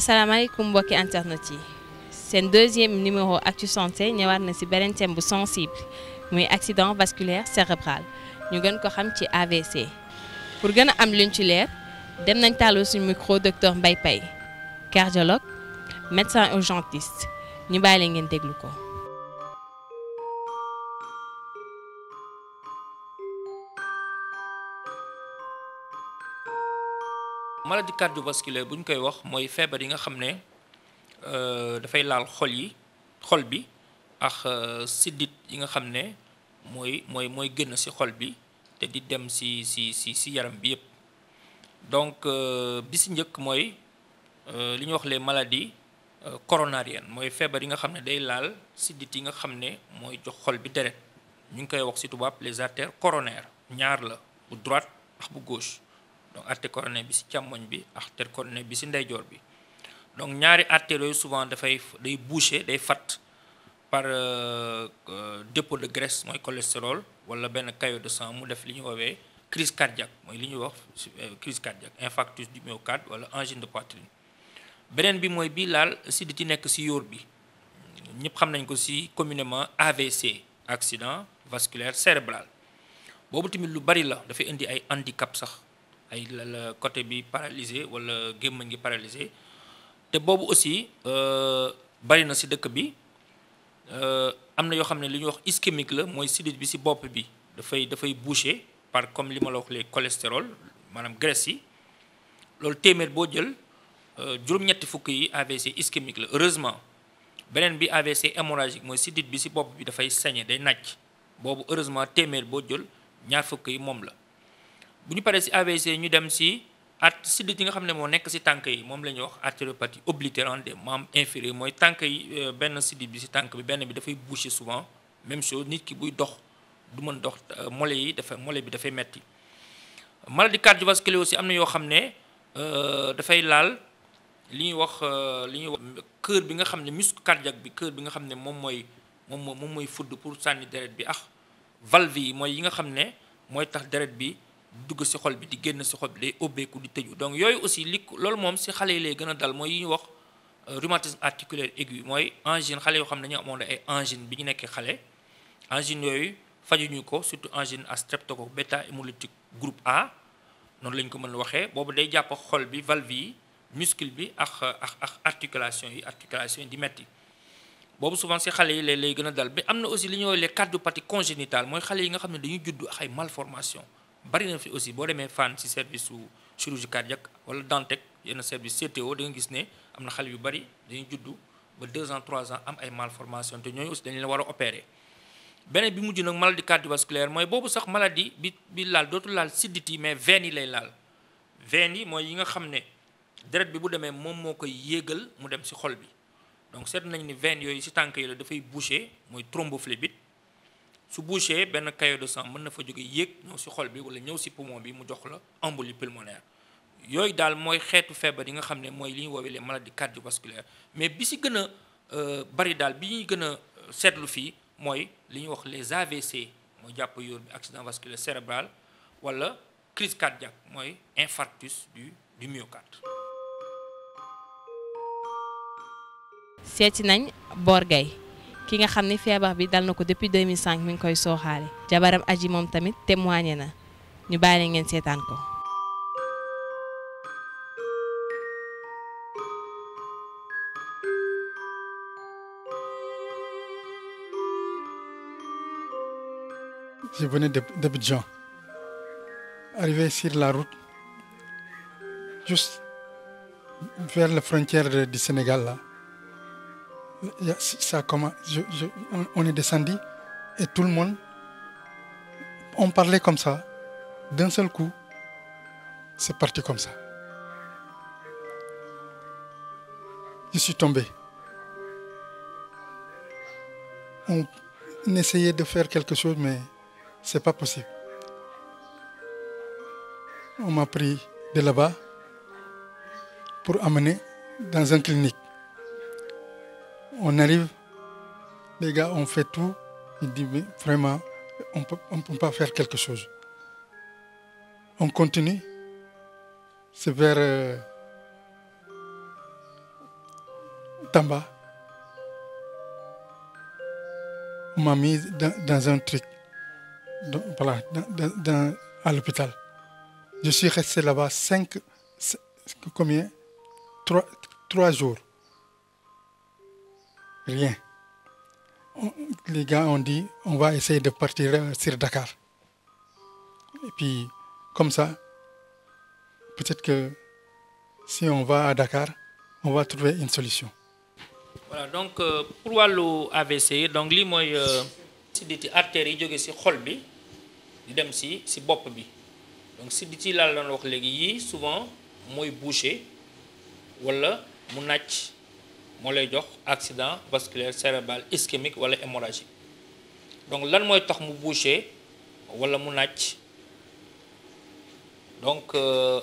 Assalamu alaikum, mbokki internet C'est le deuxième numéro Actu Santé ñewat na ci beneen thème sensible muy accident vasculaire cérébral ñu gën ko xam ci AVC. pour gëna am luñ ci leer dem nañ talo suñu micro docteur Mbaye Paye cardiologue médecin urgentiste ñu baylé ngeen déglu ko. maladie cardiovasculaire bu ñu koy wax mooy feebar yi nga xam ne euh, dafay laal xol yi xol bi ak euh, siddit yi nga xam ne mooy mooy mooy génn ci xol bi te di dem si si si si yaram bi yépp donc euh, bi ci njëkk mooy li ñuy wax les maladies coronariennes mooy feebar yi nga xam ne day laal siddit yi nga xam ne mooy jox xol bi deret ñu ngi koy wax ci tubaab les artères coronaires ñaar la bu droite ak bu gauche donc artère coronée bi si càmmoñ bi artère c'est bi si ndeyjoor bi donc ñaari arté yooyu souvent fay day boucher day fat par euh, euh, dépôt de graisse moy cholestérol wala ben caillot de sang mu def liñu wowe crise cardiaque moy liñu wax euh, crise cardiaque infarctus du myocarde wala angine de poitrine benen bi moy bi laal siditi nek si yor bi ñëpp xam nañ ko si communément AVC accident vasculaire cérébral bobu tamit lu bari la fay indi ay handicap sax ay côté bi paralysé wala gémmañ gi paralysé té bobu aussi euh bari na ci dëkk bi euh amna yo xamné ne li ñuy wax ischémique la moy sidit bi ci bop bi da fay da fay bouché par comme li ma wax les cholestérol manam graisse yi loolu téeméer boo jël euh, juróom-ñetti fukk yi AVC ischémique la heureusement benen bi AVC hémorragique moy sidit bi ci bop bi da fay saigner day nàcc bobu heureusement téeméer bo jël ñaar fukk yi mom la bu ñu paree si AVC ñu dem si art sidit yi nga xam ne moo nekk si tànk yi moom la ñuy wax artériopathie oblitérante des membres inférieurs mooy tànk yi euh, benn sidit bi si tànk bi benn bi dafay bouché souvent même chose nit ki buy dox du mën dox euh, mole yi dafa mole bi dafay metti maladie cardiovasculaire aussi am na yoo xam ne euh, dafay laal li ñuy wax li ñuy wax cœur bi nga xam ne muscle cardiaque bi cœur bi nga xam ne moom mooy moom moom mooy fudd pour sànni deret bi ak valve yi mooy yi nga xam ne mooy tax deret bi dugg si xol bi di génn ci xol bi day ubbeeku di tëju donc yooyu aussi li loolu moom si xale yi lay gën a dal mooy yi ñu wax euh, rhumatisme articulaire aigu mooy angine xale yoo xam ne dañoo amoon ay angine bi ñu nekkee xale angine yooyu fajuñu ko surtout angine à streptoco bêta hémolytique groupe A noonu lañ ko mën a waxee boobu day jàpp xol bi valve yi muscle bi ak ak ak articulation yi articulation di metti boobu souvent si xale yi lay lay gën a dal mais am na aussi li ñuy wax les cardiopathies congénitales mooy xale yi nga xam ne dañuy judd ak ay malformation bari na fi aussi boo demee fan ci service su chirurgie cardiaque wala Dantec yenn service CTO da nga gis ne am na xale yu bari dañuy juddu ba 2 ans 3 ans am ay malformation te ñooñu aussi dañ leen war a opérer beneen bi mujj nag maladie cardiovasculaire mooy boobu sax maladie bi bi laal dootul laal siddit mais veine yi lay laal veine yi mooy yi nga xam ne deret bi bu demee moom moo koy yéegal mu dem ci xol bi donc seet nañ ni veine yooyu ci tànk yi la dafay bouché mooy thrombophlébite su bouché ben caillot de sang mën na fa jóge yek ñëw si xol bi wala ñëw si poumon bi mu jox la embolie pulmonaire yoy dal moy xétu fièvre yi nga xamné moy mooy li ñuy woowee les maladies cardiovasculaires mais bi ci gëna euh, bari dal bi ñi gëna euh, sétlu fi moy mooy li wax les AVC mooy japp yóor bi accident vasculaire cérébral wala crise cardiaque moy infarctus du du myocarde. seeti nañ Bor gay ki nga xamni febar bi dal na depuis 2005 mi ngi koy soxale jabaram aji mom tamit témoigné na ñu bàyyi ngeen seetaan ko Je venais d'Abidjan. Arrivé sur la route, juste vers la frontière du Sénégal, là, euh, ça on est descendu et tout le monde, on parlait comme ça. D'un seul coup, c'est parti comme ça. Je suis tombé. On essayait de faire quelque chose, mais c'est pas possible. On m'a pris de là-bas pour amener dans une clinique on arrive, les gars, on fait tout. Il dit, vraiment, on peut, ne peut pas faire quelque chose. On continue. C'est vers euh, Tamba. On m'a mis dans, un truc, à l'hôpital. Je suis resté là-bas cinq, combien trois jours rien. les gars ont dit, on va essayer de partir euh, sur Dakar. Et puis, comme ça, peut-être que si on va à Dakar, on va trouver une solution. voilà donc euh, pour AVC donc euh, des artères donc si souvent mooy bouché Voilà, moy jox accident vasculaire cérébral ischémique wala hémorragie donc là, moy tax mu bouché wala mu donc euh,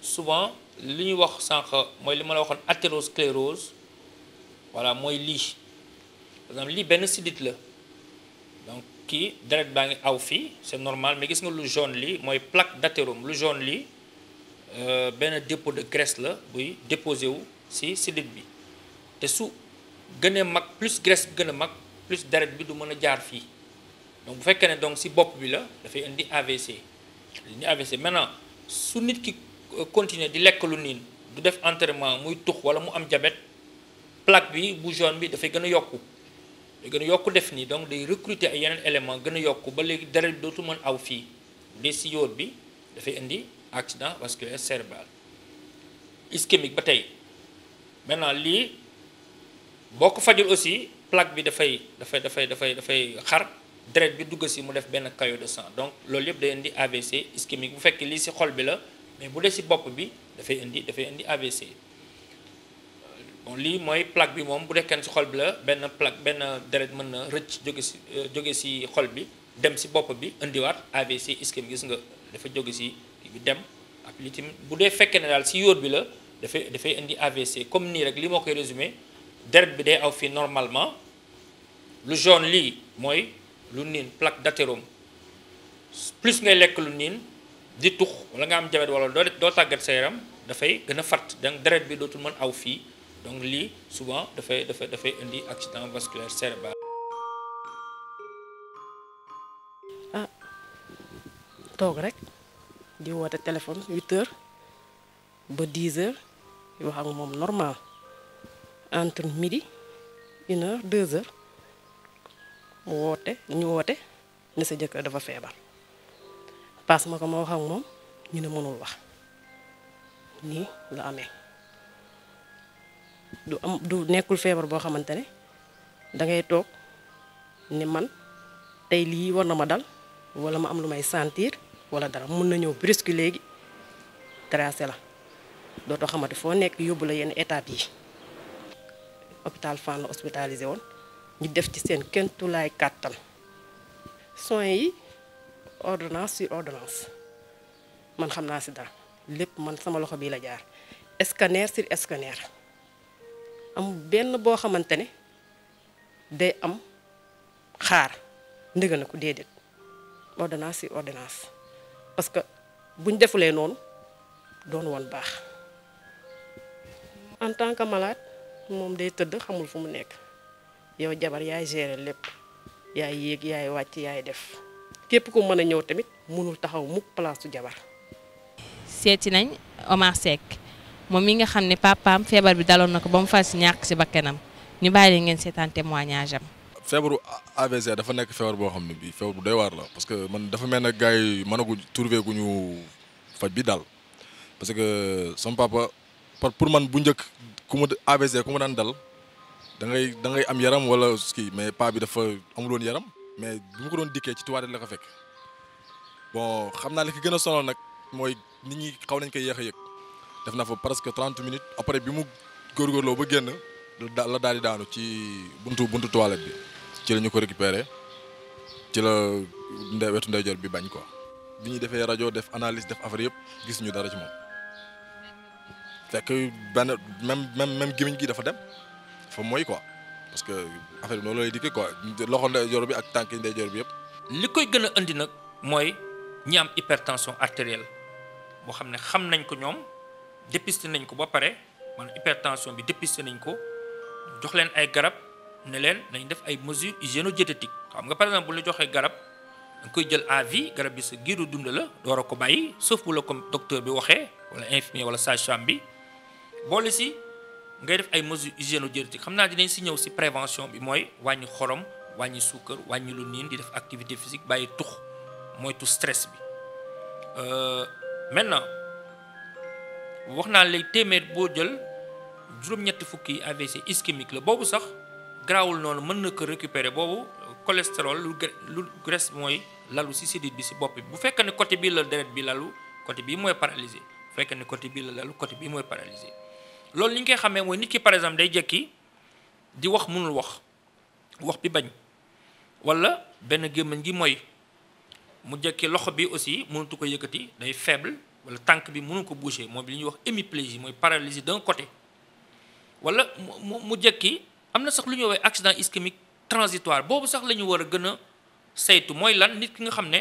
souvent liñ wax la voilà exemple donc qui, c'est normal mais gis nga jaune plaque d'athérome jaune euh, dépôt de graisse la buy déposé wu si te su gën gënee mag plus graisse bi gën a mag plus deret bi du mën a jaar fii donc bu fekkee ne donc si bopp bi la dafay indi AVC indi AVC maintenant su nit ki euh, continuer di lekk lu niin du def entrement muy tux wala mu am jabet plaque bi bu jaune bi dafay gën a yokku day gën a yokku def nii donc day recruter ay yeneen élément gën a yokku ba léegi deret bi dootu mën aw fii des si yóot bi dafay indi accident vasculaire cérébral ischémique ba tey maintenant Bok aussi plaque bi dafay dafay dafay dafay dafay xar deret bi dugg mu def de sang donc loolu indi AVC ischémique bu fekk lii si xol bi la mais bu si bi indi indi AVC bon lii mooy plaque bi bu si xol la plaque si si xol bi dem si bi AVC ischémique si bi dem ak li bu si la AVC comme rek li normalement le jaune lit, moy plaque d'athérome plus ngay lek lu niin di tux wala nga am jabet wala do do la seram da fay gëna fat donc deret bi dotul man aw fi donc li souvent fay de fay indi accident vasculaire cérébral ah tok rek di téléphone 8 h ba 10 h wax ak normal entre midi une heure deux heures mu woote ñu woote ne sa jëkkër dafa feebar paas ma ko ma wax ak moom ñu ne mënul wax nii la amee du am du nekkul feebar boo xamante ne da ngay toog ne man tey lii war na ma dal wala ma am lu may sentir wala dara mun na ñëw brusque léegi tracé la dootoo xamante foo nekk yóbbu la yenn étape yi hôpital Fann la hospitalisé woon ñu def ci seen kentulaay kàttan soins yi ordinance sur ordinance man xam naa si dara lépp man sama loxo bii la jaar scanner sur scanner am benn boo xamante ne day am xaar ndëga na ko déedéet ordonnance ordinance ordonnance parce que buñ defulee noonu doon woon baax moom day tëdd xamul fu mu nekk yow jabar yaay gérer lépp yaay yéeg yaay wàcc yaay def képp ko mën a ñëw tamit mënul taxaw mukk place su jabar. seeti nañ Omar Seck moom mi nga xam ne papaam feebar bi daloon na ko ba mu far si ñàkk si bakkanam ñu bàyyi leen ngeen seetaan témoignage am. feebaru AVC dafa nekk feebar boo xam ne bii feebar bu doy war la parce que man dafa mel ne gars yi mënagu trouvé gu ñu faj bi daal parce que sama papa. par pour man bu njëkk ku ma AVC ku ma daan dal da ngay da ngay am yaram wala kii mais paa bi dafa amul yaram mais bu ma ko doon dikkee ci tuwaare la ko fekk bon xam naa li ko gën a sonal nag mooy nit ñi xaw nañ koy yéex a yëg def na fa presque trente minutes après bi mu góorgóorloo ba génn la daal di daanu ci buntu buntu toilette bi ci la ñu ko récupéré ci la nde wetu ndeyjoor bi bañ ko bi ñuy defee rajo def analyse def affaire yëpp gis ñu dara ci moom. fekk ben, même même même gémmiñ gi dafa dem fa moy quoi parce que affaire bi lay diké quoi loxon loxo jor bi ak tanki tànk jor bi yépp likoy koy andi nak moy nag ñi am hypertension artérielle bo xamné xam nañ ko ñom dépisté nañ ko ba paré man hypertension bi dépisté nañ ko jox leen ay garab ne leen nañ def ay mesures hygiéno xam nga par exemple bu la joxé garab. danga koy jël à vie garab bi sa giru dund la door ko bàyyi sauf bu la ko docteur bi waxé wala infirmier wala sage-femme bi Bolisi, si ngay def ay mesures hygiéno-diététiques xam naa dinañ ci prévention bi moy wañu xorom wañu sucre wañu lu niin di def activité physique bàyyi tux moytu stress bi euh, maintenant waxna lay téeméer bo jël juroom ñett fukki AVC ischémique le bobu sax grawul noonu mën na ko récupérer bobu cholestérol lu lu graisse moy lalu si sidit bi ci bop bi bu fekk ni côté bi la deret bi lalu côté bi moy paralysé bu fekkee ne côté bi la lalu côté bi moy paralysé loolu li xamé moy ki par exemple day jekki di wax mënul wax wax bi bañ wala sont gi moy mu jekki qui bi aussi ko day faible wala tank, bi ko li wax paralysie d'un côté wala mu jekki amna sax lu ñu woy accident ischémique transitoire sont sax la ñu lan nit ki nga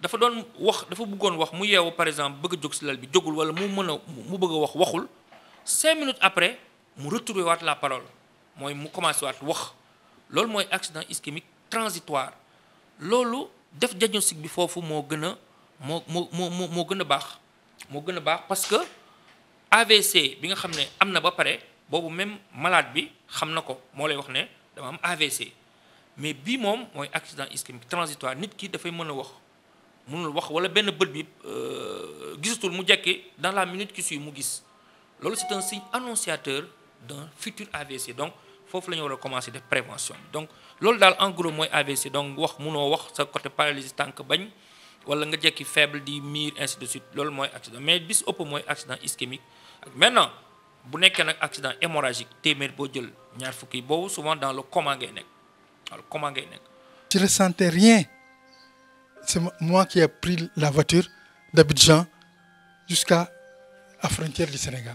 dafa wax dafa wax par exemple bëgg a sont bi jogul wala mu mu bëgg cinq minutes après mu retrouver la parole moi mu commence waat wax loolu mooy accident ischémique transitoire loolu def diagnostic bi fofu mo gëna mo mo mo mo gëna bax mo gëna bax parce que AVC bi nga xamné amna ba paré bobu même malade bi xam na ko moo lay wax né dama am AVC mais bi mom moy accident ischémique transitoire nit ki da fay mëna wax mënul wax wala ben bët bi euh, gisatul mu jekki dans la minute qui suit mu gis c'est un signe annonciateur d'un futur AVC donc faut la ñu commencer des prévention donc loolu dans en gros mooy AVC donc wax mouno, wax sa côté paralysie tànk bañ wala nga qui faible di miir ainsi de suite loolu mooy accident mais bis au mooy accident ischémique maintenant bu a un accident hémorragique téeméer boo de ñaar fukki bo, souvent dans le coma ngay dans le coma ngay je ne ressentais rien c'est moi qui ai pris la voiture d'Abidjan jusqu'à la frontière du Sénégal.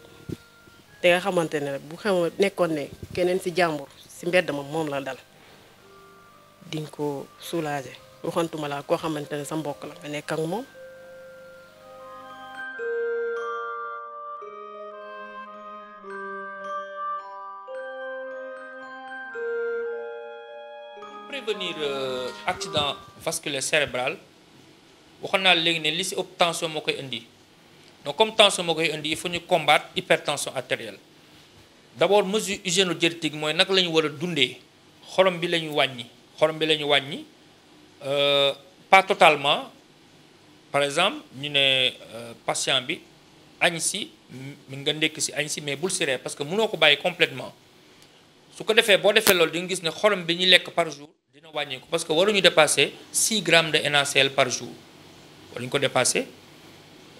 te nga xamante ne bu xew nekkoon ne keneen si jàmbur si mbedd ma moom la dal di ko soulager waxantuma laa koo xamante ne sa mbokk la nga nekk ak moom. prévenir euh, accident vasculaire cérébral waxoon naa léegi ne li si ëpp moo koy indi. donc comme tension moo indi il faut combattre hypertension artérielle D'abord, mesure hygiène mooy moy nak lañu wara dundé dundee bi lañu ñu wàññi bi lañu ñu euh, pas totalement par exemple ñu ne euh, patient bi agnsi si nga ndekk ci agnsi mais bul serré parce que mënoo ko bàyyi complètement su ko défé bo défé loolu di nga gis ne xorom bi ñi lek par jour dina wàññeeku parce que ñu dépasser 6 grammes de NaCl par jour waruñu ko dépasser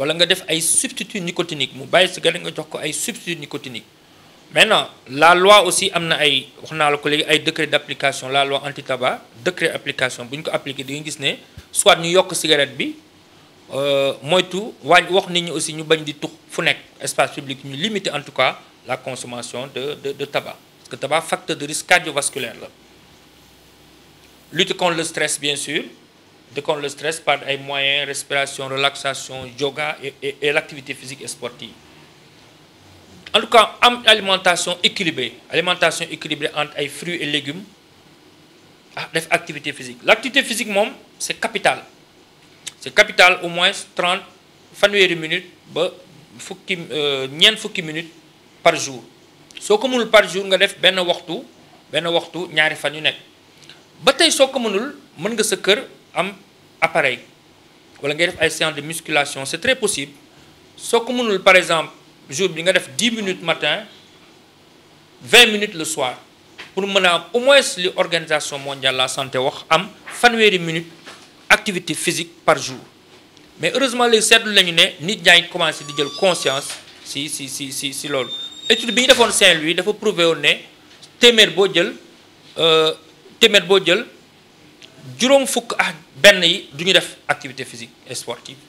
wala nga def ay substituts nicotiniques mu bàyyi cigare nga jox ko ay substituts nicotiniques maintenant la loi aussi amna a ay waxna la ko ay décret d'application la loi anti tabac décret application buñ ko appliquer di nga gis né soit ñu yok cigarette bi euh, moytu wàññi wax nit ñi aussi ñu bañ di tux fu nek espace public ñu limiter en tout cas la consommation de de de tabac parce que tabac facteur de risque cardiovasculaire lutte contre le stress bien sûr contrôler le stress par des moyens, respiration, relaxation, yoga et, l'activité physique et sportive. En tout cas, alimentation équilibrée. Alimentation équilibrée entre les fruits et légumes. Ah, activité physique. L'activité physique, c'est capital. C'est capital au moins 30, minutes, ba, euh, minutes par jour. soo mënul par jour nga def un waxtu de waxtu ñaari fan yu ba tey soo mënul mën nga am appareil wala ngay def ay séances de musculation c'est très possible soo ko mënul par exemple jour bi nga def 10 minutes matin 20 minutes le soir pour que a mondiale au moins mondiale la santé wax am fanweeri minutes activité physique par jour mais heureusement les seetlu nañu ne nit ñaa commencé di jël conscience si si si si si loolu étude bi ñu defoon Saint-Louis dafa prouvé woon ne téeméer boo jël euh, jël Durant fuk ak benn yi duñu def activité physique et sportive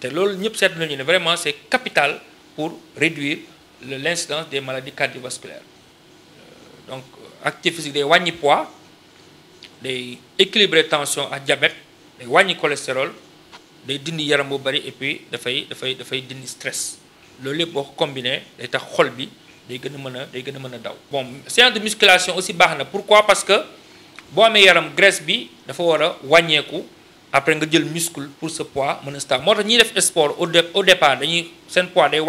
té loolu ñëpp sét nañu vraiment c'est capital pour réduire l'incidence des maladies cardiovasculaires euh, donc activité physique des wañi poids day équilibrer tension à diabète des wañi cholestérol day dindi yaram bu bari et puis dafay dafay dafay dindi stress loolu lépp combiné day tax xol bi day gën a day gën a daw bon séance de musculation aussi baax pourquoi parce que boo amee yaram graisse bi dafa wara a après nga jël muscle pour ce poids mën a stable def sport au départ, départ dañuy sen poids day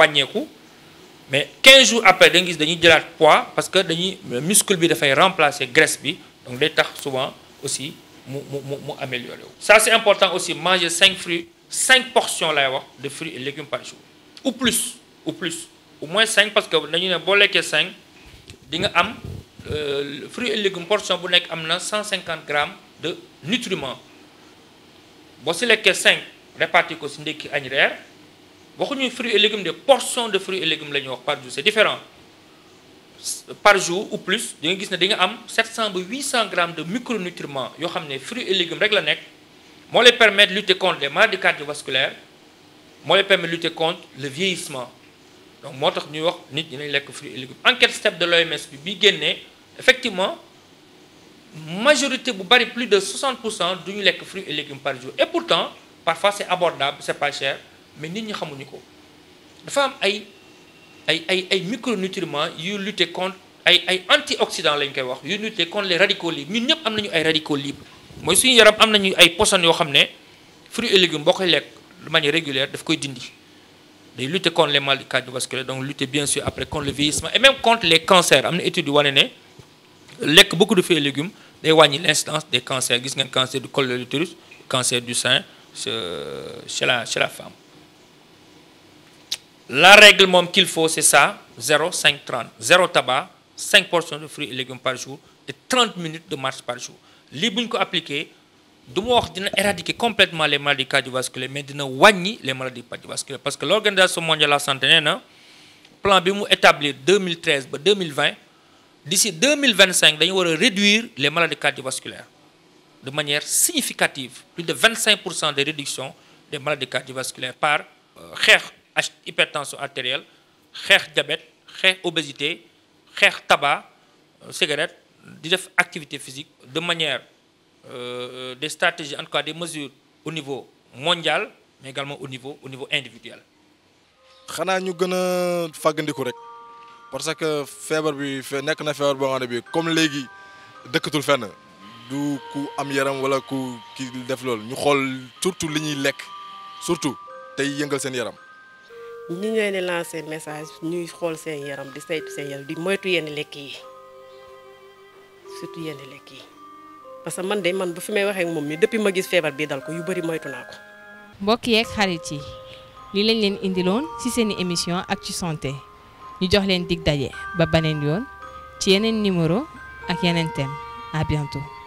mais 15 jours après da nga gis poids parce que dañuy muscle bi dafay remplacer graisse bi donc day tax souvent aussi mu mu mu améliorer ça c'est important aussi manger 5 fruits 5 portions de fruits et légumes par jour ou plus ou plus au moins 5 parce que dañu ne un lekkee 5 di nga am. Euh, fruits et légumes portion bu 150 grammes de nutriments Voici si 5 réparti ko si ndékki Les portions fruits et légumes de portion de fruits et légumes par jour c'est différent par jour ou plus di 700 ba 800 grammes de micronutriments yo xamné fruits et légumes rek la lutter contre les maladies cardiovasculaires mo permettent permettre lutter contre le vieillissement donc moo tax ñuy wax nit ñi fruits et légumes enquête step de l'OMS bi bi effectivement majorité bu bari plus de 60 pour du fruits et légumes par jour et pourtant parfois c'est abordable c'est pas cher mais nit ñi xamuñu ko dafa am ay ay ay micronutriments yu luttent contre ay ay antioxydants lañ koy wax yu contre les radicaux libres ñun ñëpp am nañu ay radicaux libres mooy suñu yaram am nañu ay les fruits et légumes boo koy lekk de manière régulière daf koy dindi lutte lutter contre les maladies cardiovasculaires, donc lutter bien sûr après contre le vieillissement et même contre les cancers. On a étude yu wane beaucoup de fruits et légumes des wàññi l'instance des cancers a cancer du col de l'utérus cancer du sein chez la femme. la règle qu'il faut c'est ça 0 30 0 tabac 5 portions de fruits et légumes par jour et 30 minutes de marche par jour Les appliqué nous éradiquer complètement les maladies cardiovasculaires mais dina les maladies cardiovasculaires parce que l'organisation mondiale de la santé le plan établi 2013 2020 d'ici 2025 nous allons réduire les maladies cardiovasculaires de manière significative plus de 25 de réduction des maladies cardiovasculaires par euh, hypertension artérielle diabète obésité tabac euh, cigarette activité physique de manière euh, euh, des stratégies, en tout cas des mesures au niveau mondial, mais également au niveau, au niveau individuel. Nous ñu nous les rek parce que fièvre, bi fe na comme les dëkkatul fenn du ku am yaram wala ku ki def surtout li ñuy surtout tey yëngal Nous yaram. ñu un message nous devons seen yaram di de seen surtout sa man de man bu fi may waxee moom mi depuis ma gis feebar bi dal ko yu bëri moytu naa ko. mbokk yeeg xarit yi li lañ leen indiloon ci seeni émission ak ci santé ñu jox leen dig daje ba baneen yoon ci yeneen numéro ak yeneen thème à